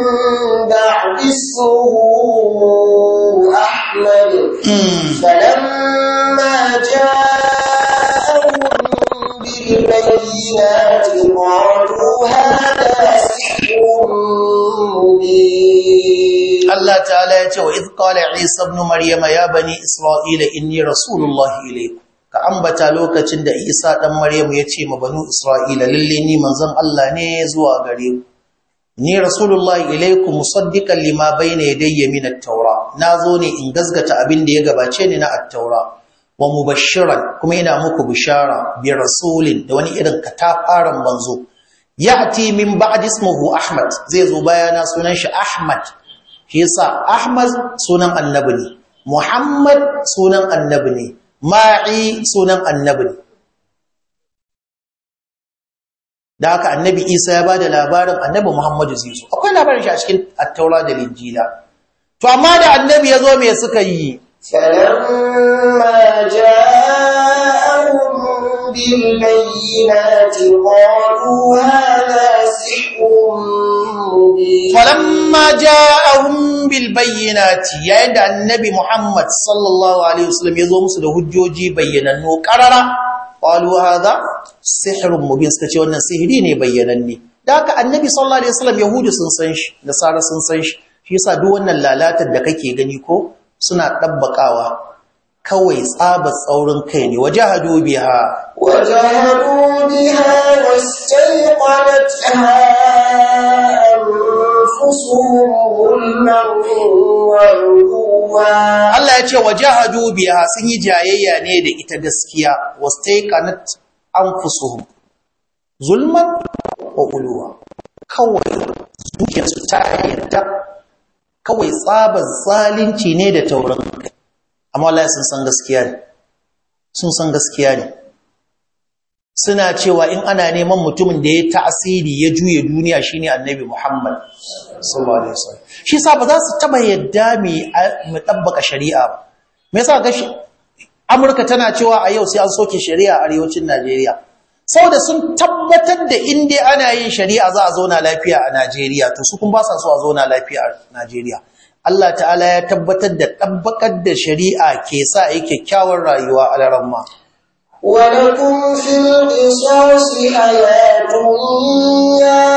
بعد اسمه أحمد فلما جاء بالبينات قالوا هذا سحر مبين الله تعالى يقول إذ قال عيسى ابن مريم يا بني إسرائيل إني رسول الله إليكم ka ambata lokacin da Isa ɗan Maryamu ya ce ma banu Isra'ila lalle ni manzon Allah ne zuwa gare ku ni rasulullahi ilaikum musaddiqan lima bayna yadayya min at-taura nazo ne in gazgata abin da ya gabace ni na at-taura wa mubashiran kuma ina muku bishara bi rasulin da wani irin katafaran manzo ya'ti min ba'd ismuhu ahmad zai zo bayana sunan shi ahmad shi yasa ahmad sunan annabi ne muhammad sunan annabi ne ma'i sunan annabi ne da haka annabi isa ya ba da labarin annabi muhammadu zai zo akwai labarin shi a cikin attaura da linjila to amma da annabi ya zo me suka yi falamma بالبينات قالوا هذا سحر مبين فلما جاءهم بالبينات يا عند النبي محمد صلى الله عليه وسلم يزو musu da hujjoji bayyananno qarara qalu hadha sihrun mubin suka ce wannan sihiri ne bayyananne da haka annabi sallallahu alaihi wasallam yahudi sun san shi nasara sun san shi shi yasa duk wannan lalatar da kake gani ko suna dabbakawa kawai tsaba tsaurin kai ne wajahadu biha wajahadu biha wastayqanatha anfusuhum zulman wa Allah ya ce jahadu biya sun yi jayayya ne da ita gaskiya wastayqanat anfusuhum zulman wa uluwa kawai zuciyarsu ta yarda. kawai tsabar zalunci ne da taurin kai amma Allah sun san gaskiya ne sun san gaskiya ne suna cewa in ana neman mutumin da ya tasiri ya juye duniya shine annabi Muhammad sallallahu alaihi wasallam shi sa ba za su taba yadda mi mu tabbaka shari'a ba me yasa ga Amurka tana cewa a yau sai an soke shari'a a arewacin Najeriya saboda sun tabbatar da in dai ana yin shari'a za a zauna lafiya a Najeriya to su kun ba sa so a zauna lafiya a Najeriya Allah ta'ala ya tabbatar da ɗabbaƙar da shari'a ke sa yi kyakkyawar rayuwa a laramma. ولكم في القصاص حياة يا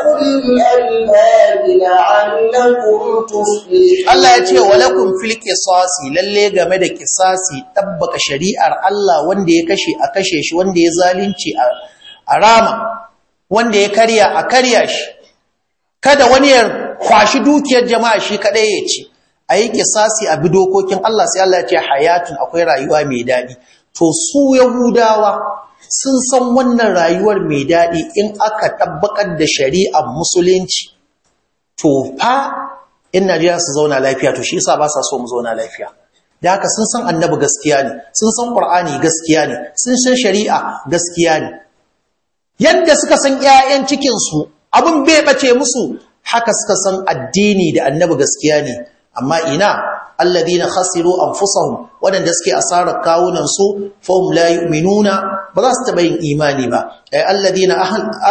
أولي الألباب لعلكم تفلحون الله يتي ولكم في القصاص للي game da kisasi tabbaka shari'ar Allah wanda ya kashe a kashe shi wanda ya zalunci a rama wanda ya karya a karya shi kada wani ya kwashi dukiyar jama'a shi kadai ya ce. A ayi kisasi a bi dokokin Allah sai Allah ya ce hayatun akwai rayuwa mai daɗi. to su yahudawa sun san wannan rayuwar mai daɗi in aka tabbakar da shari'ar musulunci to fa in Najeriya su zauna lafiya to shi yasa ba sa so mu zauna lafiya da haka sun san annabi gaskiya ne sun san qur'ani gaskiya ne sun san shari'a gaskiya ne yadda suka san ƴaƴan cikin su abin bai bace musu haka suka san addini da annabi gaskiya ne amma ina alladhina khasiru anfusahum wadanda suke asarar kawunan su fahum la yu'minuna ba za su taba yin imani ba ay alladhina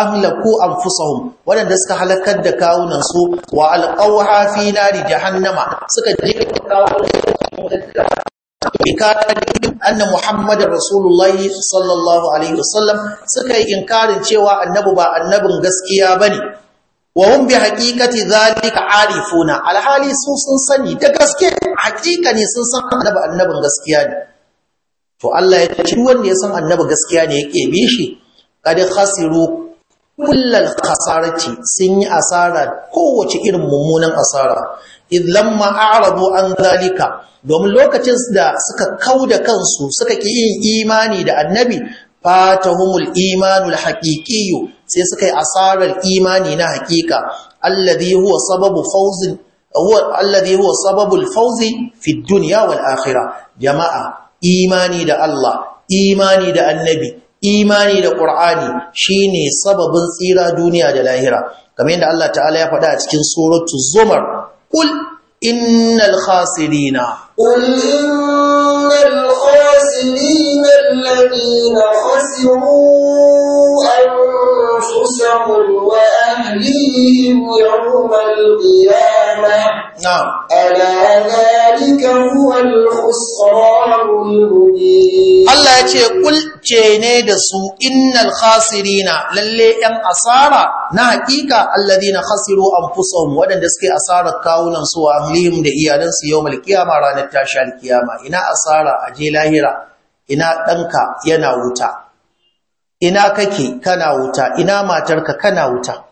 ahlaku anfusahum wadanda suka halakar da kawunan su wa alqawha fi nari jahannama suka je su inkarin anna muhammadin rasulullahi sallallahu alaihi wasallam suka yi inkarin cewa annabi ba annabin gaskiya bane wa hum bi haqiqati zalika arifuna alhali su sun sani da gaske haqiqa ne sun san annabi annabin gaskiya ne to Allah ya ce wanda ya san annabi gaskiya ne yake bi shi kad khasiru kullal khasarati sun yi asara kowace irin mummunan asara idan ma a'radu an zalika domin lokacin da suka kauda kansu suka ki yin imani da annabi fatahumul imanul haqiqiyyu sai suka yi asarar imani na haqiqa alladhi huwa sababu fawzin huwa alladhi huwa sababul fawzi fid dunya wal akhirah jama'a imani da Allah imani da annabi imani da Qur'ani shine sababin tsira duniya da lahira kamar yadda Allah ta'ala ya faɗa a cikin suratul zumar kul إن الخاسرين قل إن الخاسرين الذين خسروا أن أنفسهم وأهليهم يوم القيامة نعم ألا ذلك هو الخسران المبين الله يتي قل تيني دسو إن الخاسرين للي أم أصارا نحقيق الذين خسروا أنفسهم ودن دسكي أصارا كاونا سوى أهليهم دئيانا يوم القيامة رانا تاشا القيامة إنا أصارا أجي لاهرة ina ɗanka yana wuta ina kake kana wuta ina matarka kana wuta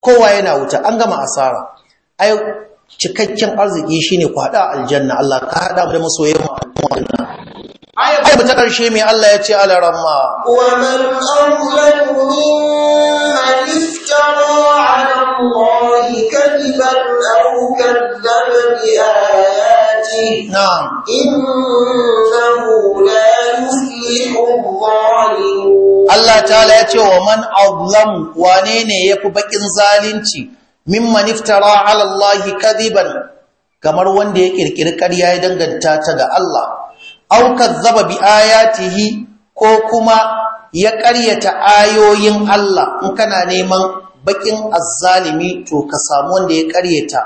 kowa yana wuta an gama asara ai cikakken arziki shine ku hada aljanna Allah ka hada da masoyan mu aljanna ai ta karshe mai Allah ya ce ala ramma wa man awlamu mimman iftara ala allahi kadiban aw kadzaba bi ayati na'am innahu la Allah ta'ala ya ce wa man azlam wane ne yafi bakin zalunci mimman iftara ala Allah kadiban kamar wanda ya kirkiri ƙarya ya danganta ta ga Allah aw kazzaba bi ayatihi ko kuma ya ƙaryata ayoyin Allah in kana neman bakin azzalimi to ka samu wanda ya ƙaryata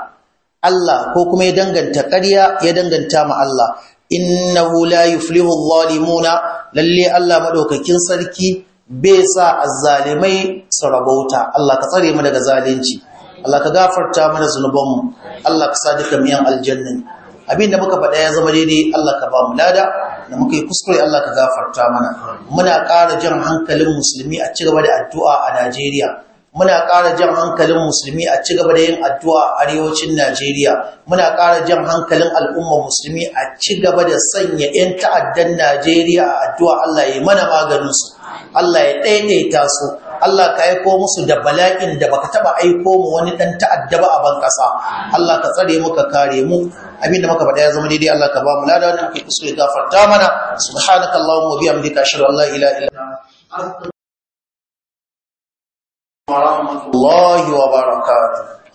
Allah ko kuma ya danganta ƙarya ya danganta ma Allah innahu la yuflihu adh-dhalimuna lalle Allah madaukakin sarki bai sa azzalimai su rabauta Allah ka tsare mu daga zalunci Allah ka gafarta mana zunubanmu Allah ka sa duka miyan aljanna abinda muka faɗa ya zama daidai Allah ka ba mu lada da muka yi kuskure Allah ka gafarta mana muna ƙara jan hankalin musulmi a cigaba da addu'a a Najeriya muna ƙara jan hankalin musulmi a ci gaba da yin addu'a a arewacin Najeriya muna ƙara jan hankalin al'umma musulmi a ci gaba da sanya 'yan ta'addan Najeriya a addu'a Allah ya mana maganin su Allah ya ɗaiɗaita su Allah ka aiko musu da bala'in da baka taba aiko mu wani ɗan ta'adda ba a ban ƙasa, Allah ka tsare mu ka kare mu abinda muka faɗa ya zama daidai Allah ka ba mu lada wannan muke kuskure gafarta mana subhanakallahumma wa bihamdika ashhadu an la ilaha illa anta warahmatullahi wabarakatuh